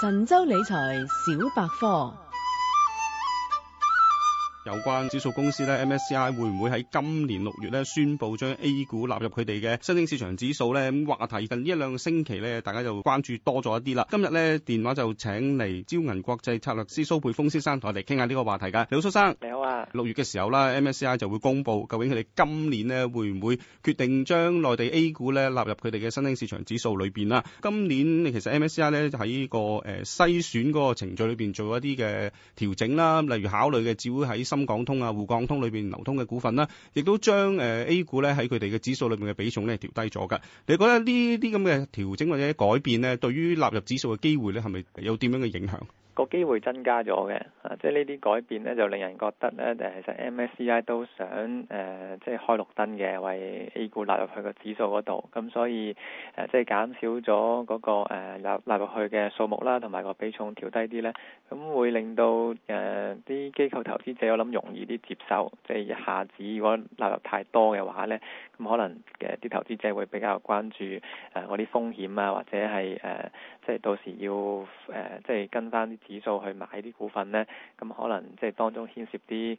神州理財小百科，有關指數公司咧，MSCI 會唔會喺今年六月咧宣布將 A 股納入佢哋嘅新興市場指數咧？咁話題近呢一兩個星期咧，大家就關注多咗一啲啦。今日咧電話就請嚟招銀國際策略師蘇佩峰先生同我哋傾下呢個話題噶，你好蘇生。六月嘅時候啦，MSCI 就會公布究竟佢哋今年咧會唔會決定將內地 A 股咧納入佢哋嘅新興市場指數裏邊啦。今年其實 MSCI 咧喺個誒篩選嗰個程序裏邊做一啲嘅調整啦，例如考慮嘅只會喺深港通啊、滬港通裏邊流通嘅股份啦，亦都將誒 A 股咧喺佢哋嘅指數裏邊嘅比重咧調低咗㗎。你覺得呢啲咁嘅調整或者改變咧，對於納入指數嘅機會咧，係咪有點樣嘅影響？個機會增加咗嘅，啊，即係呢啲改變咧就令人覺得咧，誒，其實 MSCI 都想誒、呃，即係開綠燈嘅，為 A 股納入去個指數嗰度，咁所以誒、呃，即係減少咗嗰、那個誒、呃、納納入去嘅數目啦，同埋個比重調低啲咧，咁會令到誒啲、呃、機構投資者我諗容易啲接受，即係一下子如果納入太多嘅話咧，咁可能誒啲、呃、投資者會比較關注誒啲、呃、風險啊，或者係誒、呃、即係到時要誒、呃、即係跟翻指數去買啲股份呢？咁可能即係當中牽涉啲誒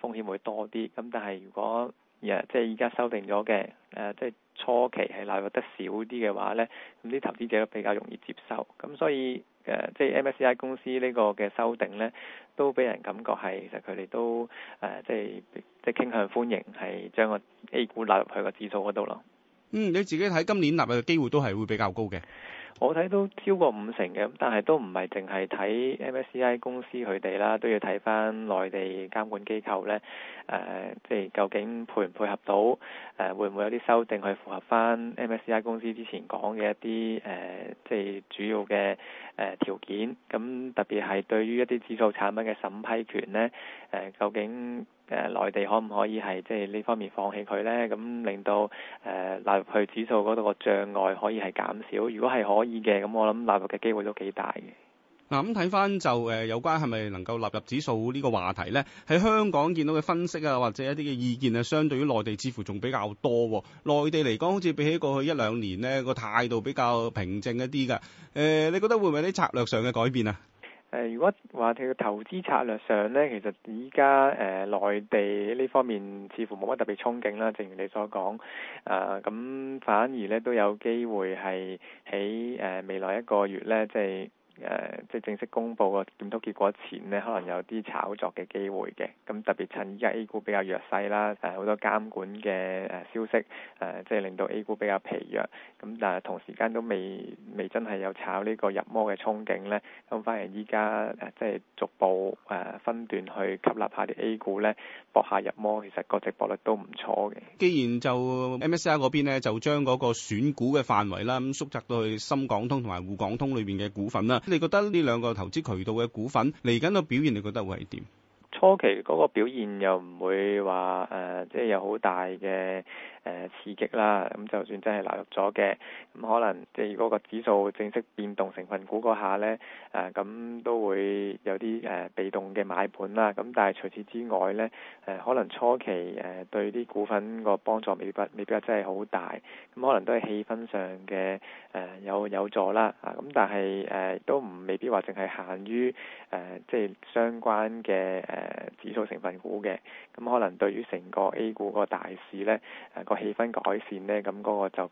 風險會多啲。咁但係如果誒即係依家修訂咗嘅誒，即係初期係納入得少啲嘅話呢，咁啲投資者都比較容易接受。咁所以誒，即係 MSCI 公司呢個嘅修訂呢，都俾人感覺係其實佢哋都誒，即係即係傾向歡迎係將個 A 股納入去個指數嗰度咯。嗯，你自己睇今年納入嘅機會都係會比較高嘅。我睇都超過五成嘅，但係都唔係淨係睇 MSCI 公司佢哋啦，都要睇翻內地監管機構呢，誒、呃，即係究竟配唔配合到，誒、呃，會唔會有啲修訂去符合翻 MSCI 公司之前講嘅一啲誒、呃，即係主要嘅誒條件？咁、嗯、特別係對於一啲指數產品嘅審批權呢，誒、呃，究竟誒內、呃、地可唔可以係即係呢方面放棄佢呢？咁、嗯、令到誒納、呃、入去指數嗰度個障礙可以係減少。如果係可，啲嘅，咁我諗納入嘅機會都幾大嘅。嗱，咁睇翻就誒有關係咪能夠納入指數呢個話題呢？喺香港見到嘅分析啊，或者一啲嘅意見啊，相對於內地似乎仲比較多啊。內地嚟講，好似比起過去一兩年呢個態度比較平靜一啲嘅。誒，呃，你覺得會唔會啲策略上嘅改變啊？誒，如果話佢個投資策略上咧，其實依家誒內地呢方面似乎冇乜特別憧憬啦，正如你所講啊，咁、呃、反而咧都有機會係喺誒未來一個月咧，即係。誒，即係正式公布個檢討結果前呢，可能有啲炒作嘅機會嘅。咁特別趁依家 A 股比較弱勢啦，誒好多監管嘅誒消息，誒即係令到 A 股比較疲弱。咁但係同時間都未未真係有炒呢個入摩嘅憧憬咧。咁反而依家誒即係逐步誒分段去吸納下啲 A 股咧，博下入摩，其實個值博率都唔錯嘅。既然就 MSCI 嗰邊咧，就將嗰個選股嘅範圍啦，咁縮窄到去深港通同埋滬港通裏邊嘅股份啦。你覺得呢兩個投資渠道嘅股份嚟緊個表現，你覺得會係點？初期嗰個表現又唔會話誒，即係有好大嘅。呃、刺激啦，咁就算真係納入咗嘅，咁、嗯、可能即係嗰個指數正式變動成分股嗰下咧，誒、啊、咁、嗯、都會有啲誒、呃、被動嘅買盤啦。咁但係除此之外咧，誒、啊、可能初期誒、呃、對啲股份個幫助未必未必係真係好大，咁可能都係氣氛上嘅誒有有助啦。啊咁，但係誒都唔未必話淨係限於誒、啊、即係相關嘅誒、啊、指數成分股嘅，咁、啊、可能對於成個 A 股個大市咧，誒、啊。氣氛改善咧，咁嗰個就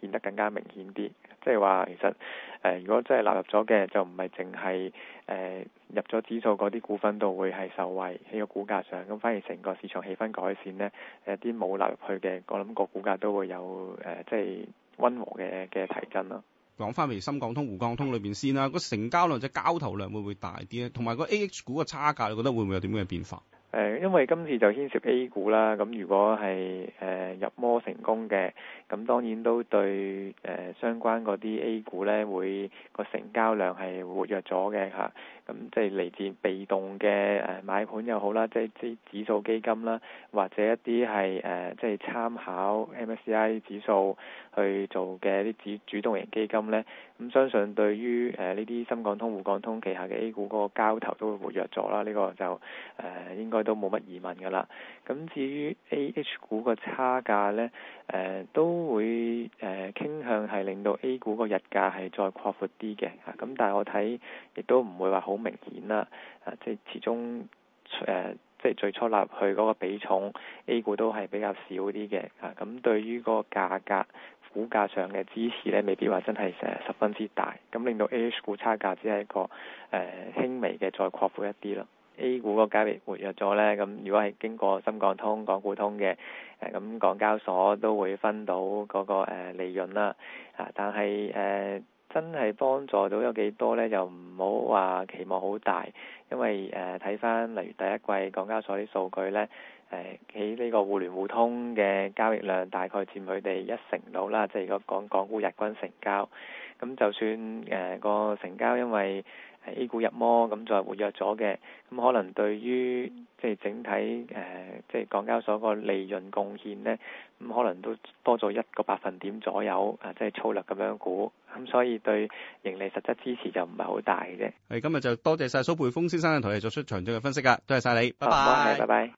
顯得更加明顯啲。即係話，其實誒、呃，如果真係納入咗嘅，就唔係淨係誒入咗指數嗰啲股份度會係受惠喺個股價上，咁反而成個市場氣氛改善咧，誒啲冇納入去嘅，我諗個股價都會有誒，即係溫和嘅嘅提振咯。講翻譬如深港通、滬港通裏邊先啦，個成交量即係交投量會唔會大啲咧？同埋個 AH 股嘅差價，你覺得會唔會有點樣嘅變化？誒，因為今次就牽涉 A 股啦，咁如果係誒、呃、入摩成功嘅，咁當然都對誒、呃、相關嗰啲 A 股咧，會個成交量係活躍咗嘅嚇。咁、啊、即係嚟自被動嘅誒買盤又好啦，即係指數基金啦，或者一啲係誒即係參考 MSCI 指數去做嘅啲指主動型基金咧。咁相信對於誒呢啲深港通、滬港通旗下嘅 A 股嗰個交投都會活躍咗啦，呢、這個就誒、呃、應該都冇乜疑問㗎啦。咁至於 A、H 股個差價呢，誒、呃、都會誒、呃、傾向係令到 A 股個日價係再擴闊啲嘅。咁、啊、但係我睇亦都唔會話好明顯啦。啊，即係始終誒、呃、即係最初納入嗰個比重，A 股都係比較少啲嘅。啊，咁對於嗰個價格。股價上嘅支持咧，未必話真係誒十分之大，咁令到 A、AH、股差價只係一個誒、呃、輕微嘅再擴闊一啲咯。 A 股個交易活躍咗呢，咁如果係經過深港通、港股通嘅，咁、呃、港交所都會分到嗰、那個、呃、利潤啦。但係誒。呃真係幫助到有幾多呢？又唔好話期望好大，因為誒睇翻例如第一季港交所啲數據呢，誒喺呢個互聯互通嘅交易量大概佔佢哋一成到啦，即係講港股日均成交。咁就算誒、呃嗰個成交，因為係 A 股入摩咁就係活躍咗嘅，咁可能對於即係整體誒、呃，即係港交所個利潤貢獻咧，咁可能都多咗一個百分點左右，啊，即係粗略咁樣估，咁所以對盈利實質支持就唔係好大啫。係，今日就多謝晒蘇培峰先生同你作出詳盡嘅分析㗎，多謝晒你，拜拜，拜拜。